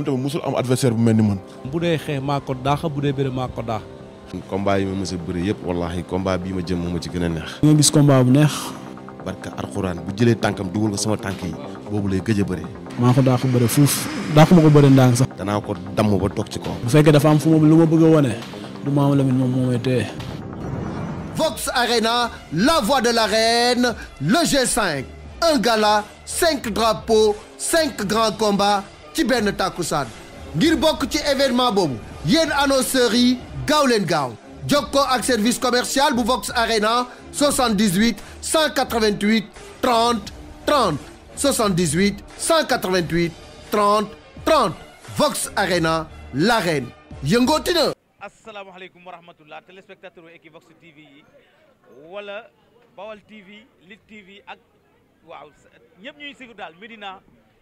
moom tamit musul am adversaire bu mel ni man. bu dee xeex maa ko daax bu dee bëre maa ko daax. combat yi ma mës a bëri yëpp wallaahi combat bii ma jëm moo ma ci gën a neex. nga gis combat bu neex. barka alxuraan bu jëlee tànkam dugal ko sama tànk a mu lu a moom moo may téye. Arena la voix de l'arène le G5 un gala cinq drapeaux cinq grands combats. ci benn tàkkusaan ngir bokk ci événement boobu yéen annonceurs yi gaaw leen gaaw jokkoo ak service commercial bu Vox Arena 78 188 30 30 78 188 30 30 Vox Arena l'arène yëngooti na. asalaamaaleykum wa rahmatullah téléspectateur Equivox TV yi wala Bawal TV Lit TV ak waaw ñëpp ñuy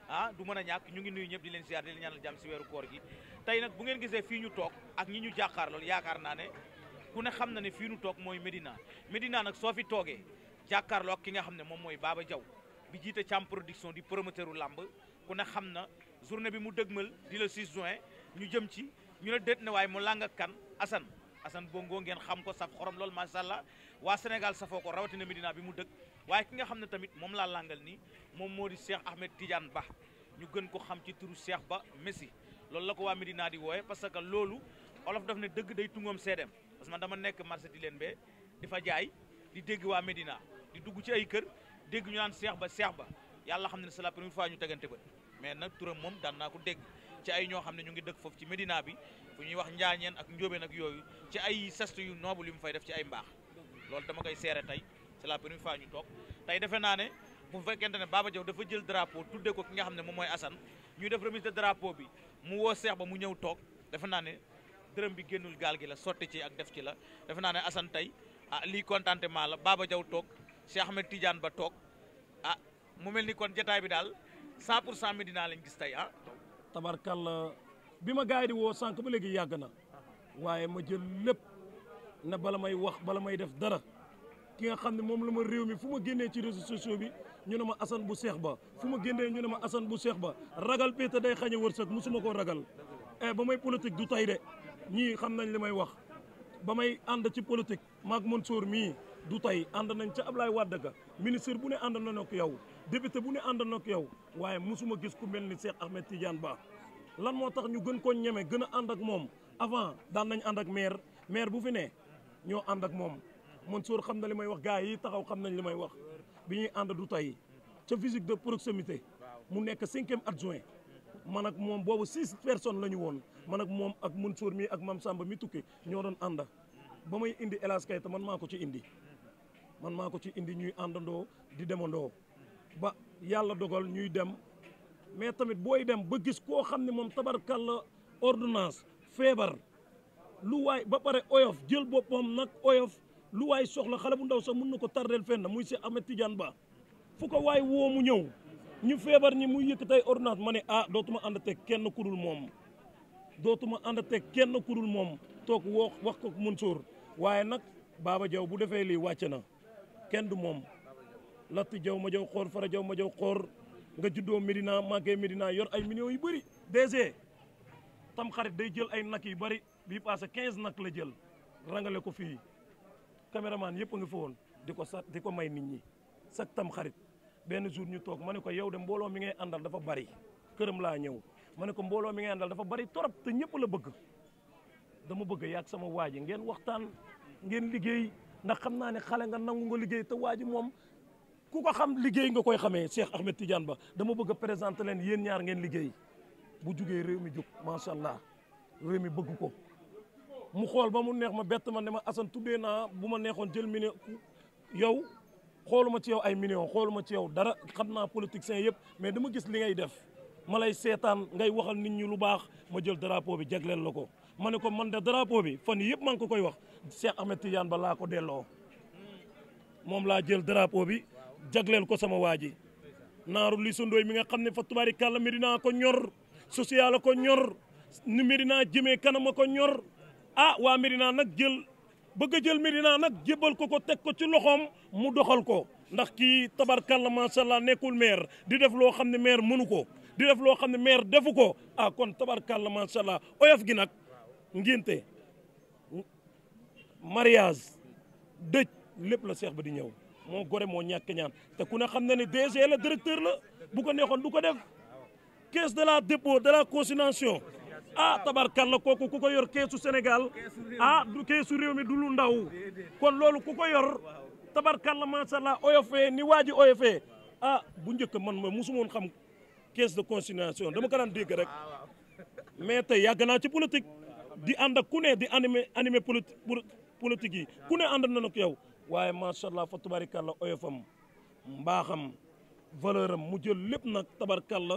ah du mën a ñàkk ñu ngi nuyu ñëpp di leen siyaar di leen ñaanal jàmm si weeru koor gi tey nag bu ngeen gisee fii ñu toog ak ñi ñu jàkkaar lool yaakaar naane ku ne xam na ne fii ñu toog mooy Médina Médina nag soo fi toogee jàkkaarloo ak ki nga xam ne moom mooy baaba jaw bi jiite Thiam production di promoteur làmb ku ne xam na journée bi mu dëgmal di le 6 juin ñu jëm ci ñu ne déet ne waaye mu làng ak kan Assane Assane Bongo ngeen xam ko saf xorom lool macha allah waa Sénégal safoo ko rawatina Medina bi mu dëkk waaye ki nga xam ne tamit moom laa langal nii moom moo di Cheikh Ahmed Tidiane Ba ñu gën ko xam ci turu Cheikh Ba Messi loolu la ko waa Medina di wooye parce que loolu olof daf ne dëgg day tungoom seedeem parce que dama nekk marché di leen bee di fa jaay di dégg waa Medina di dugg ci ay kër dégg ñu naan Cheikh Ba Cheikh Ba yàlla xam ne c'est la première ñu tegante ba mais nag turam moom daan naa ko dégg. ci ay ñoo xam ne ñu ngi dëkk foofu ci Médina bi fu ñuy wax njaañeen ak njóobeen ak yooyu ci ay sast yu noobu li mu fay def ci ay mbaax loolu dama koy seere tey c'est la première fois ñu toog tey defe naa ne bu fekkente ne Baba jaw dafa jël drapeau tuddee ko ki nga xam ne moom mooy Assane ñuy def remise de drapeau bi mu woo seex ba mu ñëw toog defe naa ne dërëm bi génnul gaal gi la sotti ci ak def ci la defe naa ne Assane tey ah lii contentement la baaba Diaw toog Cheikh Ahmed Tidiane ba toog ah mu mel ni kon jotaay bi daal 100 pour Médina lañ gis tey ah tabarkalla bi ma gars di woo sànq ba léegi yàgg na waaye ma jël lépp na bala may wax bala may def dara ki nga xam ne moom la ma réew mi fu ma génnee ci réseaux sociaux bi ñu ne ma Assane bu Seex Ba fu ma génnee ñu ne ma Assane bu Seex Ba ragal bi te day xañe wërsëg musuma koo ragal e ba may politique du tey de ñii xam nañ li may wax ba may ànd ci politique maag soor mii du tey ànd nañ ca ab Ablaye Wade ga ministre bu ne ànd na nag yow député bu ne ànd na ak yow waaye mosuma gis ku mel ni Cheikh Ahmed Tidiane Ba lan moo tax ñu gën koo ñeme gën a ànd ak moom avant daan nañ ànd ak maire maire bu fi nee ñoo ànd ak moom Mansour xam na li may wax gars yi taxaw xam nañ li may wax bi ñuy ànd du tey ca physique de proximité mu nekk cinquième adjoint man ak moom boobu six personne la ñu woon man ak moom ak Mansour mii ak Mame Samba mi tukki ñoo doon ànd ba may indi El Hadj Keita man maa ko ci indi man maa ko ci indi ñuy àndandoo di demandoo ba yàlla dogal ñuy dem mais tamit booy dem ba gis koo xam ne moom tabarkalla ordonnance feebar lu waay ba pare oyof jël boppam nag oyof lu waay soxla xale bu ndaw sax mën na ko tardeel fenn muy si Ahmed Tidiane Ba fu ko waay woo mu ñëw ñu feebar ñi muy yëkkatay ordonnance ma ne ah dootuma ànd teg kenn kudul moom dootuma ànd teg kenn ku moom toog woo wax ko Mansour waaye nag baaba jaw bu defee lii wàcc na kenn du moom Lattu Jaw ma jaw xoor Fara Jaw ma jaw xoor nga juddoo Medina màggee Medina yor ay minio yu bëri. DG tam xarit day jël ay nag yu bëri bii passé 15 nag la jël rangale ko fii caméraman yëpp a nga fa di ko sat di ko may nit ñi chaque tam xarit benn jour ñu toog ma ne ko yow de mbooloo mi ngay àndal dafa bëri këram laa ñëw ma ne ko mbooloo mi ngay àndal dafa bëri torop te ñëpp la bëgg dama bëgg yàgg sama waa ji ngeen waxtaan ngeen liggéey ndax xam naa ne xale nga nangu nga liggéey waa ji moom ku ko xam liggéey nga koy xamee Cheikh Ahmed Tidiane Ba dama bëgg a leen yéen ñaar ngeen liggéey bu jugee réew mi jóg macha allah réew mi bëgg ko mu xool ba mu neex ma bett ma ne ma Assane tuddee naa bu ma neexoon jël million yow xooluma ci yow ay million xooluma ci yow dara xam naa politiciens yëpp mais dama gis li ngay def ma lay seetaan ngay waxal nit ñi lu baax ma jël drapeau bi jagleel la ko ma ne ko man de drapeau bi fan yëpp maa ngi ko koy wax Cheikh Ahmed Tidiane Ba laa ko delloo moom laa jël drapeau bi. jagleel ko sama waa ji naaru Lissa mi nga xam ne fa tubaari kàlla Médina ko ñor social ko ñor nu Médina jëmee kanama ko ñor ah waa Médina nag jël bëgg a jël Médina nag jébbal ko ko teg ko ci loxoom mu doxal ko ndax ki tabar kàlla macha nekkul maire di def loo xam ne maire mënu ko di def loo xam ne maire defu ko ah kon tabar kàlla macha oyof gi nag ngénte mariage dëj lépp la seex ba di ñëw moo gore moo ñàkk ñaan te ku ne xam na ne DG la directeur la bu ko neexoon du ko def caisse de la dépôt de la consignation ah tabarkal la kooku ku ko yor keesu Sénégal ah du keesu réew mi du lu ndaw kon loolu ku ko yor tabarkal la macha allah oyofee ni waa ji oyofee ah bu njëkk man ma mosumoon xam caisse de consignation dama ko daan dégg rek mais tey yàgg naa ci politique di ànd ak ku ne di animé animé politique yi ku ne ànd na nag yow. waaye macha allah fa tubarikàlla oyofam mbaaxam valeur mu jël lépp nag tabarkàlla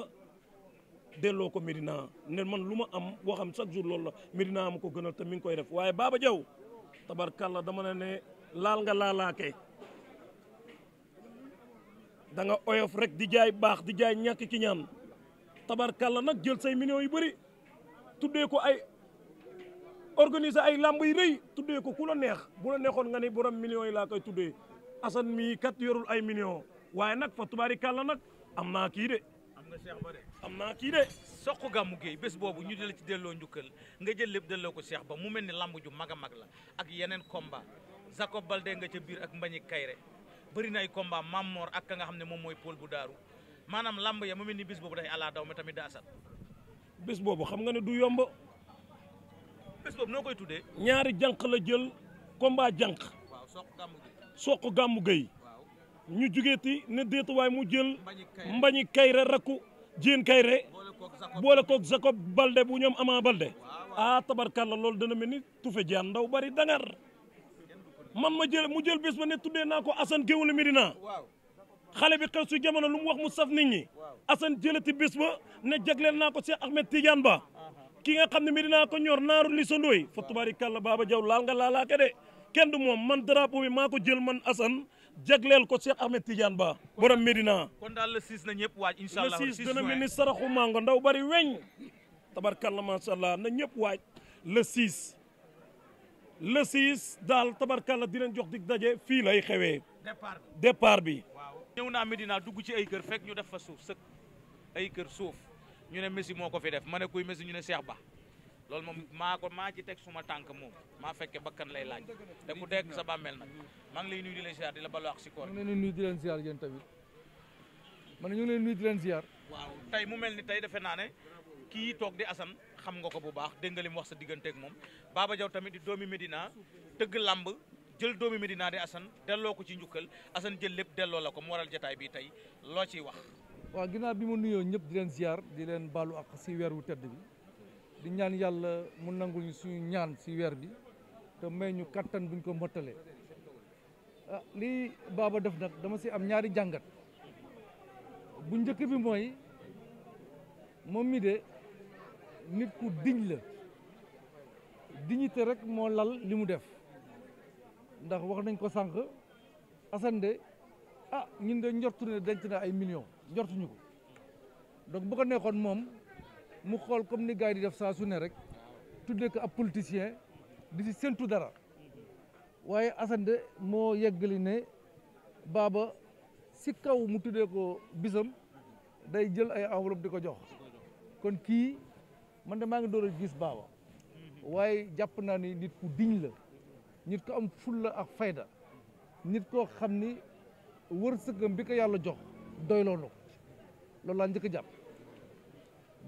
delloo ko Medina ne man lu ma am waxam chaque jour loolu la Medina am ko gënal te mi ngi koy def waaye Baba Diaw tabarkàlla dama ne ne laal nga laalaake da nga oyof rek di jaay baax di jaay ñàkk ci ñaan tabarkàlla nag jël say millions yu bari tuddee ko ay. organiser ay lamb yi rëy tuddee ko ku la neex bu la neexoon nga ne borom millions yi laa koy tuddee Assane mii kat yorul ay millions waaye nag fa tubaari kàlla nag am naa kii de. am na Cheikh Ba am naa kii de. soq gàmmu géey bés boobu ñu dala ci delloo njukkal nga jël lépp delloo ko Cheikh Ba mu mel ni lamb ju mag a mag la ak yeneen combat Jacob Baldé nga ca biir ak Mbañi Kayre bari na ay combat Mamor ak ka nga xam ne moom mooy Paul bu daaru maanaam lamb ya mu mel ni bés boobu day ala daw mi tamit da asat noo koy tuddee. ñaari jànq la jël komba jànq. waaw soq gàmmu ñu jugeeti ne déetu waay mu jël mbañi kayre rakku jéen kayre boole koog Jacob Balde bu ñoom Ama Balde ah tabarkàlla loolu dana mel ni tufe jaan ndaw bari dangar man ma jël mu jël bés ba ne tuddee naa ko Assane Géwél Medina xale bi xew su jamono lu mu wax mu saf nit ñi Assane jëlati bés ba ne jagleel naa ko Cheikh Ahmed Tidiane Ba ki nga xam ne Medina ko ñor naaru li sondooy fa tubaari kàlla baaba jaw laal nga laalaake de kenn du moom man drapeau bi maa ko jël man Assane jagleel ko Cheikh Ahmed Tidiane Ba borom Medina. kon daal le 6 na ñëpp waaj incha allah le 6 dana mel ni saraxu ndaw bari weñ tabarkalla macha allah na ñëpp waaj la 6. le 6 daal tabarkalla di leen jox dig daje fii lay xewee. départ bi bi. waaw ñëw naa Medina dugg ci ay kër fekk ñu def fa suuf sëkk kër suuf. ñu ne Messi moo ko fi def ma ne kuy Messi ñu ne Cheikh Ba loolu moom maa ko maa ci teg suma tànk moom maa fekke bakkan lay laaj te ku dekk sa bàmmeel nag maa ngi lay nuyu di leen ziar di la balu ak si koor ñu ngi leen nuyu di leen ziar ñu ngi leen di leen ziar waaw tey mu mel ni tey defe naa ne kii toog di Assane xam nga ko bu baax dégg li mu wax sa digganteeg moom Baba Diaw tamit di doomi Medina tëgg làmb jël doomi Medina di Assane delloo ko ci njukkal Assane jël lépp delloo la ko mu waral jataay bii tey loo ciy wax waa ginnaaw bi ma nuyoo ñëpp di leen ziar di leen baalu ak si weer wu tedd bi di ñaan yàlla mun nangu ñu suñu ñaan si weer bi te may ñu kattan buñ ko mottalee ah, lii baaba def nag dama si am ñaari jàngat bu njëkk bi mooy moom mii de nit ku diñ la dignité rek moo lal li mu def ndax wax nañ ko sànq Assane de ah ñun de njortu ne denc na ay millions njortuñu ko donc bu ko neexoon moom mu xool comme ni gars di def saa su rek tudde ko ab politicien di si séntu dara waaye Assane de moo yeggali ne baaba si kaw mu tuddee ko bisam day jël ay enveloppe di ko jox kon kii man de maa ngi door a gis baaba waaye jàpp naa ni nit ku diñ la nit ko am fulla ak fayda nit koo xam ni wërsëgam bi ko yàlla jox doyloo na loolu laa njëkk jàpp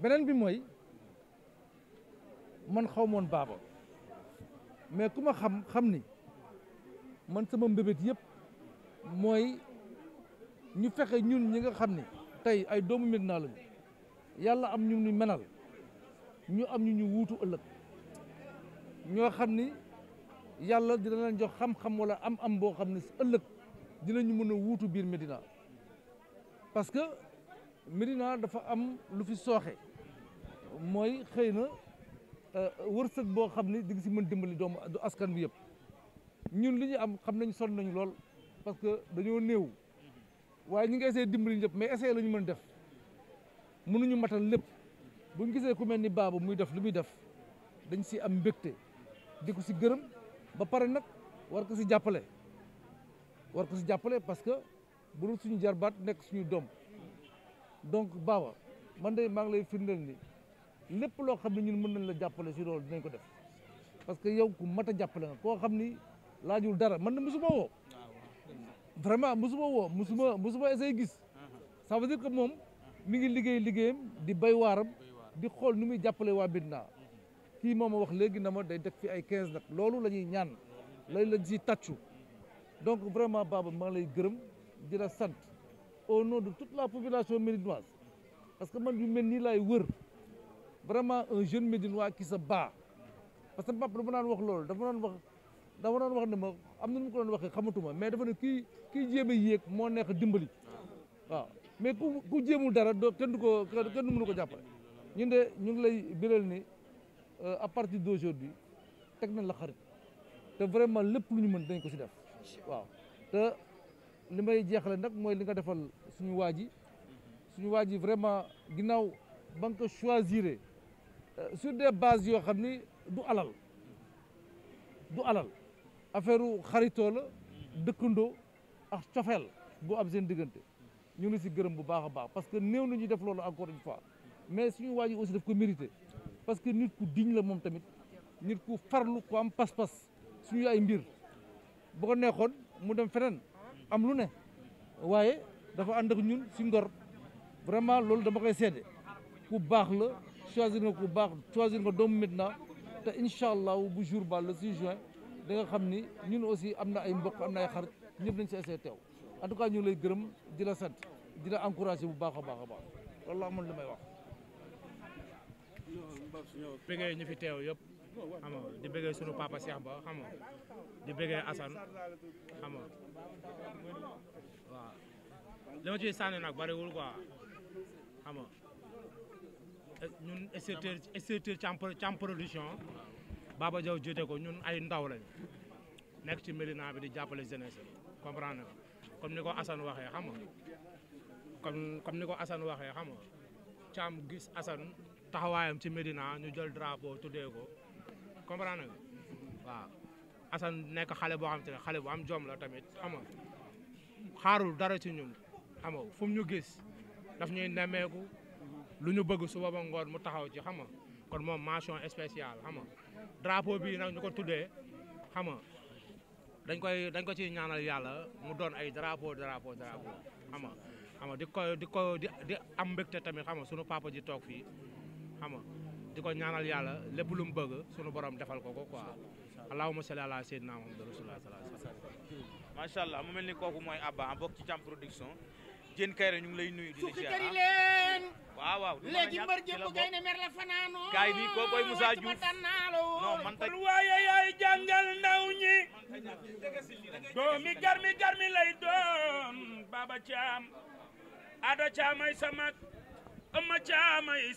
beneen bi mooy man xaw moon baaba mais ku ma xam xam ni man sama mbébét yëpp mooy ñu fexe ñun ñi nga xam ni tey ay doomu Médina lañu yàlla am ñu ñu menal ñu am ñu ñu wuutu ëllëg ñoo xam ni yàlla dina leen jox xam-xam wala am am boo xam ne si ëllëg dinañu mën a wuutu biir Médina parce Médina dafa am lu fi sooxe mooy xëy na euh, wërsëg boo xam ne di nga si mën dimbali doomu askan bi yëpp ñun li ñu am xam nañ sonn nañu lool parce que dañoo néew waaye ñu ngi essayé dimbali ñëpp mais essayé la ñu mën def nañu matal lépp bu ñu gisee ku mel ni baaba muy def lu muy def dañ si am mbégte di si gërëm ba pare nag war ko si jàppale war ko si jàppale parce que bu dul suñu jarbaat nekk suñu doom donc baaba man de maa ngi lay firndeel ni lépp loo xam ne ñun mën nañ la jàppale si loolu nañ ko def parce que yow ku mat a jàppale nga koo xam ni laajul dara man de musuma woo vraiment musuma woo musuma musuma essayé gis ça veut dire que moom mi ngi liggéey liggéeyam di bay waaram di xool nu muy jàppale waa Médina kii moom a wax léegi na ma day teg fi ay quinze nag loolu la ñuy ñaan lay lañ si tàccu donc vraiment baaba maa ngi lay gërëm di sant au nom de toute la population médinoise parce que man yu mel nii laay wër vraiment un jeune médinois qui se bat parce que papa dama naan wax loolu dafa naan wax dafa naan wax ne ma am na nu mu ko doon waxee xamatuma mais dafa ne kii kii jéem a yéeg moo nekk dimbali waaw mais ku ku jéemul dara doo kenn du ko kenn du mënu ko jàppale ñun de ñu ngi lay biral ni euh, à partir d'aujourd'hui teg nañ la xarit te vraiment lépp lu ñu mën dañ ko si def waaw li may jeexale nag mooy li nga defal suñu waa ji suñu waa ji vraiment ginnaaw ba nga ko choisir euh, sur des bases yoo xam ni du alal du alal affaire xaritoo la dëkkandoo ak cofeel boo ab seen diggante ñu ngi si gërëm bu baax a baax parce que néew na ñuy def loolu encore une fois mais suñu waa ji aussi daf ko mérité parce que nit ku diñ la moom tamit nit ku farlu ku am pas-pas suñu ay mbir bu ko neexoon mu dem feneen am lu ne waaye dafa ànd ak ñun si ngor vraiment loolu dama koy sedd ku baax la choisir nga ku baax choisir nga doomu Médina te incha allah bu jour ba le 6 juin da nga xam ni ñun aussi am na ay mbokk am na ay xar ñëpp nañ si essayé teew en tout cas ñu ngi lay gërëm di la sant di encouragé bu baax a baax a baax loolu amoon li may wax. Pégé ñu fi teew yëpp. xam nga di bëggee sunu papa Cheikh Ba xam nga di bëggee Assane xam nga waaw li ma ciy nag bariwul quoi xam nga ñun structure production Baba Diaw jiite ko ñun ay ndaw lañ nekk ci Médina bi di jàppale jeunesse comprendre nga comme ni ko Assane waxee xam nga comme ni ko Assane waxee xam nga Thiam gis Assane taxawaayam ci Médina ñu jol drapeau tuddee ko. comprendre nga waaw Assane nekk xale boo xam ne xale bu am jom la tamit xam nga xaarul dara ci ñun xam nga ñu gis daf ñu nemmeeku lu ñu bëgg suba ba ngoon mu taxaw ci xam nga kon moom mention spéciale xam drapo bii nag ñu ko tuddee xam nga dañ koy dañ ko ciy ñaanal yàlla mu doon ay drapeau drapeau drapeau xam nga xam nga di ko di ko am mbégte tamit xam nga sunu papa ji toog fii di ko ñaanal yàlla lépp lu mu bëgg sunu borom defal ko ko quoi allahumma salli ala sayyidina muhammad rasulullah sallallahu alayhi wasallam macha allah mu mel ni kooku mooy Abba ah, bokk ci Thiam production Diène Kaïré ñu ngi lay nuyu di la ziar ah. waaw waaw léegi mbër jëmbu gay ne mer la fanaanoo gaay bi koo koy Moussa Diouf non man tey waaye yaay jàngal ndaw ñi doomi garmi garmi lay doon Baba Thiam Ada Thiam ay Ëmma Thiam ay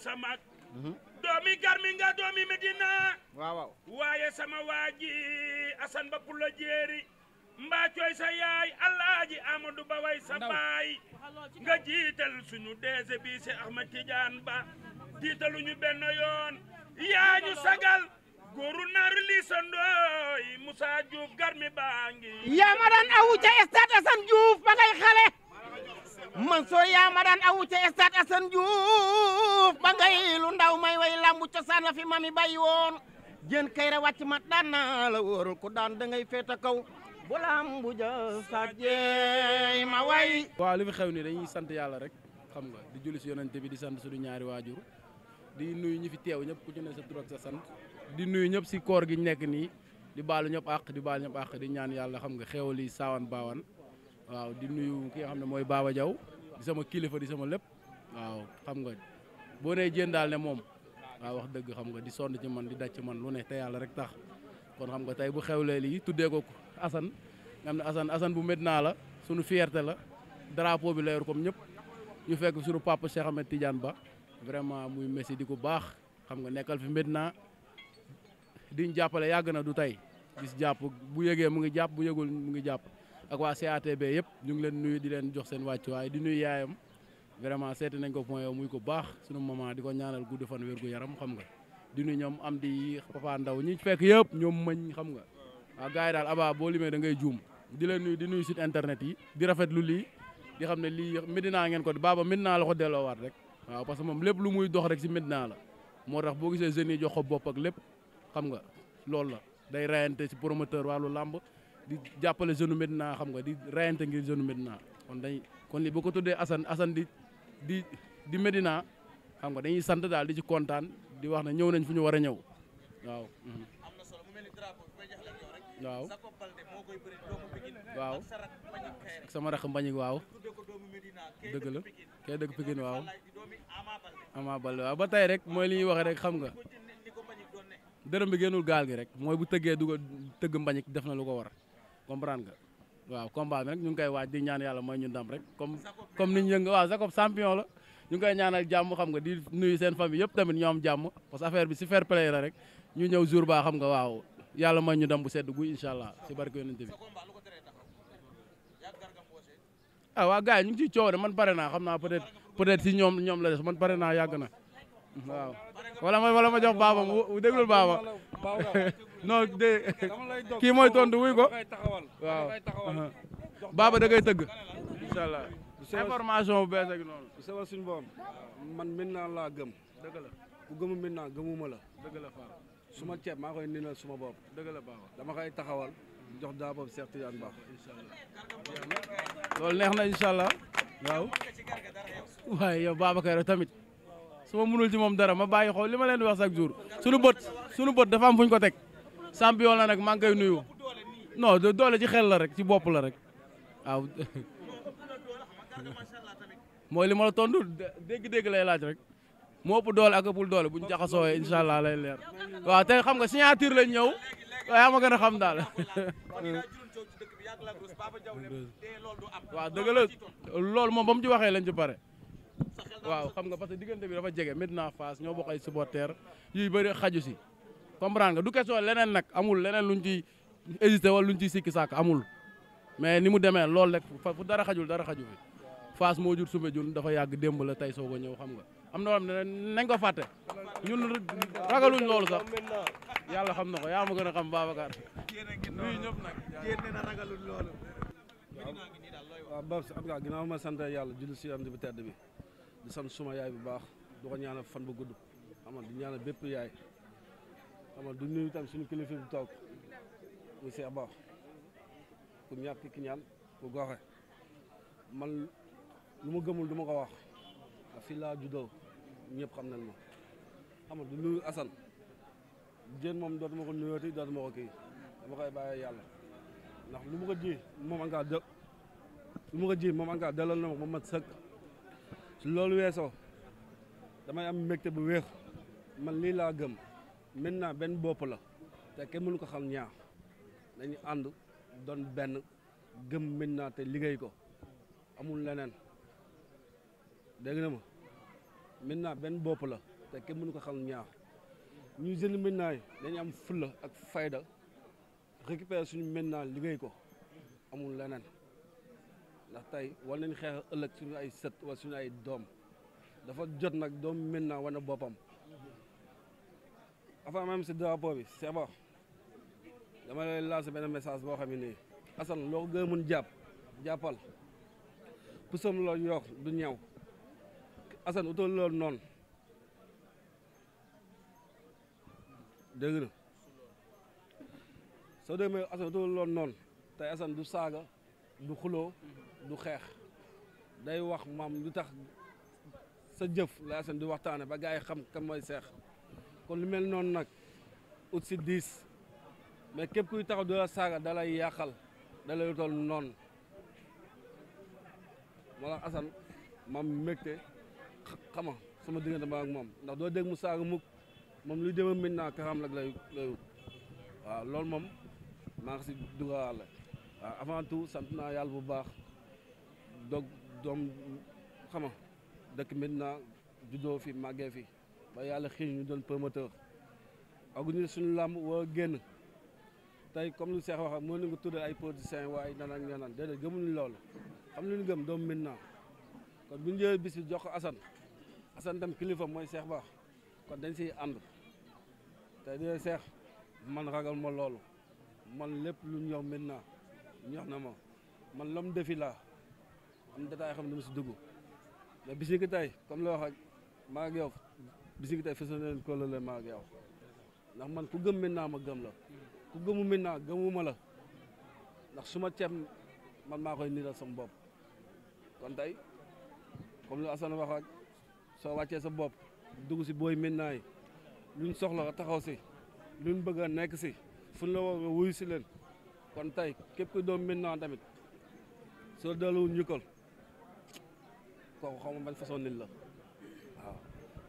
doomi garmi nga doomi Medina waaw waaye sama waaji Asan ba pula jeeri mbaa cooy sa yaay alaaji Amadou Ba way sa baay nga jiital suñu deese bi si Ahmad Tidiane Ba jiitaluñu benn yoon yaa ñu sagal góoru naar lii sa ndooy Moussa garmi baa ngi yaa ma daan awu ca stade Assane Diouf xale Mansoor yaa ma daan awu ca stade Assane Diouf ba ngay lu ndaw may way lambu cosaan la fi mami bàyyi woon jën kayra wàcc mat daan naa la wóorul ku daan da ngay féete kaw bu lambu ja sàjjee ma way. waaw li fi xew ni dañuy sant yàlla rek xam nga di julli si yonante bi di sant suñu ñaari waajur di nuyu ñu fi teew ñëpp ku ci ne sa tur ak sa sant di nuyu ñëpp si koor gi ñu nekk nii di baalu ñëpp àq di baalu ñëpp àq di ñaan yàlla xam nga xew lii saawan baawan. waaw di nuyu ki nga xam ne mooy baaba Diaw di sama kilifa di sama lépp waaw xam nga boo nee jéen daal ne moom waaw wax dëgg xam nga di sonn ci man di daj ci man lu ne te yàlla rek tax kon xam nga tey bu xewlee lii tuddee ko Assane nga xam ne Assane Assane bu Medina la sunu fierté la drapeau bi la yor comme ñëpp ñu fekk suñu papa Cheikh Ahmed Ba vraiment muy Messi di ko baax xam nga nekkal fi Medina diñ jàppale yàgg na du tey gis jàpp bu yëgee mu ngi jàpp bu yëgul mu ngi jàpp ak waa CATB yëpp ñu ngi leen nuyu di leen jox seen wàcc waaye di nuyu yaayam vraiment seeti nañ ko point yow muy ko baax sunu maman di ko ñaanal gudd fan wér gu yaram xam nga di nuyu ñoom am di papa ndaw ñi fekk yëpp ñoom mañ xam nga waaw gars daal aba boo limee da ngay juum di leen nuyu di nuyu site internet yi di rafetlu lii di xam ne lii Medina ngeen ko baaba Medina la ko delloowaat rek waaw parce que moom lépp lu muy dox rek si Medina la moo tax boo gisee jeunes yi jox ko bopp ak lépp xam nga loolu la day rayante si promoteur wàllu làmb di jàppale jeune Médina xam nga di rayante ngir jeune Médina kon dañ kon lii boo ko tuddee Assane Assane di di di Médina xam nga dañuy sant daal di ci kontaan di wax na ñëw nañ fu ñu war a ñëw waaw. Mhm. sama rakk Mbagnick waaw. tuddee dëgg la kee dëgg Pikine waaw. Ama Balde waaw ba tey rek mooy li ñuy wax rek xam nga. dërëm bi génnul gaal gi rek mooy bu tëggee dugal tëgg Mbagnick def na lu ko war. comprendre nga waaw combat bi nag ñu waaj di ñaan yàlla mooy ñu ndam rek comme comme ni ñu yëngu waaw Jacob champion la ñu ngi koy ñaanal jàmm di nuyu seen famille yëpp tamit ñoom jàmm parce que affaire bi si fair play rek ñu ñëw jour ba xam nga waaw yàlla mooy ñu dem bu sedd gu incha allah si barke yonent bi ah waa gars yi ñu ngi ciy coow de man pare naa xam naa peut être peut être si ñoom la des man pare yàgg na waaw wala ma wala ma jox baaba mu déglul baaba non de kii mooy tontu wuy ko waaw baaba da ngay tëgg incha allah information bu bees ak noonu sewal suñu borom man mën naa laa gëm dëgg la ku gëmu mën naa gëmuma la dëgg la suma ceeb maa koy ninal suma bopp dëgg la baaba dama koy taxawal jox daa boobu Cheikh na incha allah waaw waaye yow Babacar tamit su ma mënul ci moom dara ma bàyyi xool li ma wax chaque jour suñu bët suñu bët dafa am fu ko teg champion la rek maa ngi koy nuyu non doole ci xel la rek ci bopp la rek waaw mooy li ma la tontu dégg-dégg lay laaj rek moo ëpp doole ak ëppul doole bu jaxasoo incha allah lay leer waaw tey xam nga signature lañ ñëw waaye ama gën a xam daal waaw dëgg la loolu moom ba mu ci waxee lañ ci pare waaw xam nga parce que diggante bi dafa jege Medina Fass ñoo bokk ay supporters yuy bëri xaju si comprendre nga du question leneen nag amul leneen lu ñu ciy hésité wal lu ciy sikki sàkk amul mais ni mu demee loolu rek fu dara xajul dara xaju fi Fass moo jur Soumbédioune dafa yàgg démb la tey soog a ñëw xam nga am na xam ne nañ ko fàtte ñun ragaluñ loolu sax yàlla xam na ko yaa ma gën a xam Babacar nuyu ñëpp nag génne na ragaluñ loolu waaw Babs Abga ginnaaw yàlla julli si am bi tedd bi di suma yaay bu baax du ko ñaanal fan bu gudd xamal di ñaanal bépp yaay xamal du tam suñu kilifa bu toog mu see baax ku ñàkk ki ñaan ku goxe man lu ma gëmul du ma ko wax ndax fii laa juddoo ñëpp xam nañ ma xamal du nuyu Assane jën moom dootuma ko nuyooti dootuma ko kii dama koy bàyyi yàlla ndax lu ma ko ji moom angaa lu ma ko ji moom angaa ma ma mat loolu weesoo damay am mbégte bu wéex man lii laa gëm maintenant benn bopp la te kenn mënu ko xam ñaar dañu ànd doon benn gëm maintenant te liggéey ko amul leneen dégg na ma maintenant benn bopp la te kenn mënu ko xam ñaar ñu jënd maintenant yi dañu am fulla ak fayda récupérer suñu maintenant liggéey ko amul leneen ndax tey war nañ xeex ëllëg suñu ay sët wala suñu ay doom dafa jot nag doom maintenant wane boppam avant même si drapeau bi c'est bon dama lay lancer benn message boo xam ne nii Assane loo ko gën a mën jàpp jàppal pusam loolu yoox du ñëw Assane utal loolu noonu dégg na du saaga du xuloo du xeex day wax maam lu tax sa jëf laa seen di waxtaane ba gars yi xam kam mooy seex kon lu mel noonu nag ut si diis mais képp kuy taxaw du la saaga da lay yàqal da lay toll noonu moo tax Assane maam mbégte xama sama diggante ma ak moom ndax doo dégg mu saaga mukk moom luy dema mit naa kaxam lak lay lay waaw loolu moom maa ngi si dugawaale waaw avant tout sant naa yàlla bu baax doog doom xam nga dëkk Médina juddoo fi màggee fi ba yàlla xiir ñu doon promoteur organiser suñu làmb war génn tey comme lu Cheikh wax mooy ne nga tuddee ay politiciens waaye nan ak ñaanaan déedéet gëmuñu loolu xam lu ñu gëm doomu Médina kon bu ñu jëlee bis bi jox ko Assane Assane dem kilifa mooy seex Ba kon dañ si ànd tey de Cheikh man ragal ma loolu man lépp lu ñor Médina ñor na ma man lam defi am détail xam ne dama si dugg mais bis ni ki la wax ak maa ak yow bis ni ki la maa ak yow ndax man ku gëm maintenant ma gëm la ku gëmu maintenant gëmuma la ndax su ma ceeb man maa koy niiral sama bopp kon tey comme lu Assane wax ak soo wàccee sa bopp dugg si booy maintenant yi luñ soxla taxaw si luñ bëgg a nekk si fun la woo nga si len kon tey képp ku doom maintenant tamit soo delluwul ñu ko kooku xaw ma ban la waaw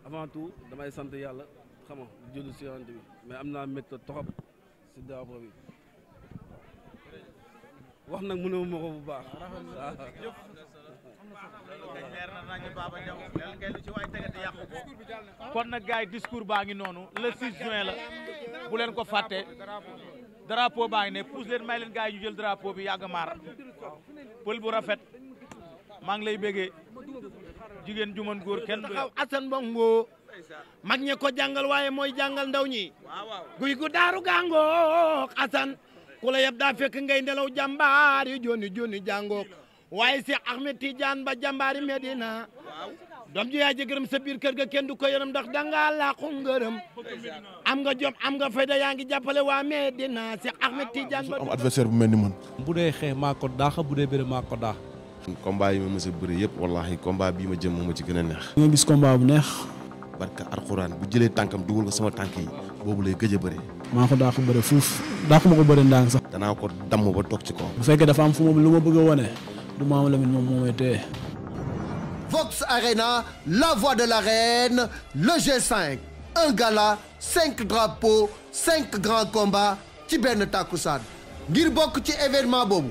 avant damay sant yàlla xam nga julli si yonent am naa méthode trop si drapeau bi wax nag mënoo bu baax. kon nag gars discours baa ngi noonu le 6 juin la bu leen ko fàtte drapeau baa ngi ne pousse leen may leen gars yi ñu jël drapeau bi yàgg maar pël bu rafet. maa ngi lay béggee jigéen ju mën góor kenn du yow Assane Bongo mag ñee ko jàngal waaye mooy jàngal ndaw ñi guy gu daaru gàngook Assane ku la yeb daa fekk ngay nelaw jàmbaar yi joni joni jàngook waaye Cheikh Ahmed Tidiane ba jàmbaari Medina doom ji yaa ji gërëm sa biir kër ga kenn du ko yërëm ndax dangaa làqu ngërëm am nga jom am nga fayda yaa ngi jàppale waa Medina Cheikh Ahmed Tidiane ba am adversaire bu mel ni man bu dee xeex maa ko daax bu dee bëre combat yi ma mës a bëri yëpp wallaahi combat bii ma jëm moo ma ci gën a neex. di nga gis combat bu neex. barka alxuraan bu jëlee tànkam dugal ko sama tànk yi boobu lay gëj a maa ko daa ko bëri fuuf daa ko ma ko bëri ndànk sax. danaa ko damm ba toog ci kaw. bu fekkee dafa am fu mu lu ma bëgg a wane du ma am moom moo may la voix de l'arène le G5 un cinq drapeaux cinq ci benn takkusaan ngir bokk ci événement boobu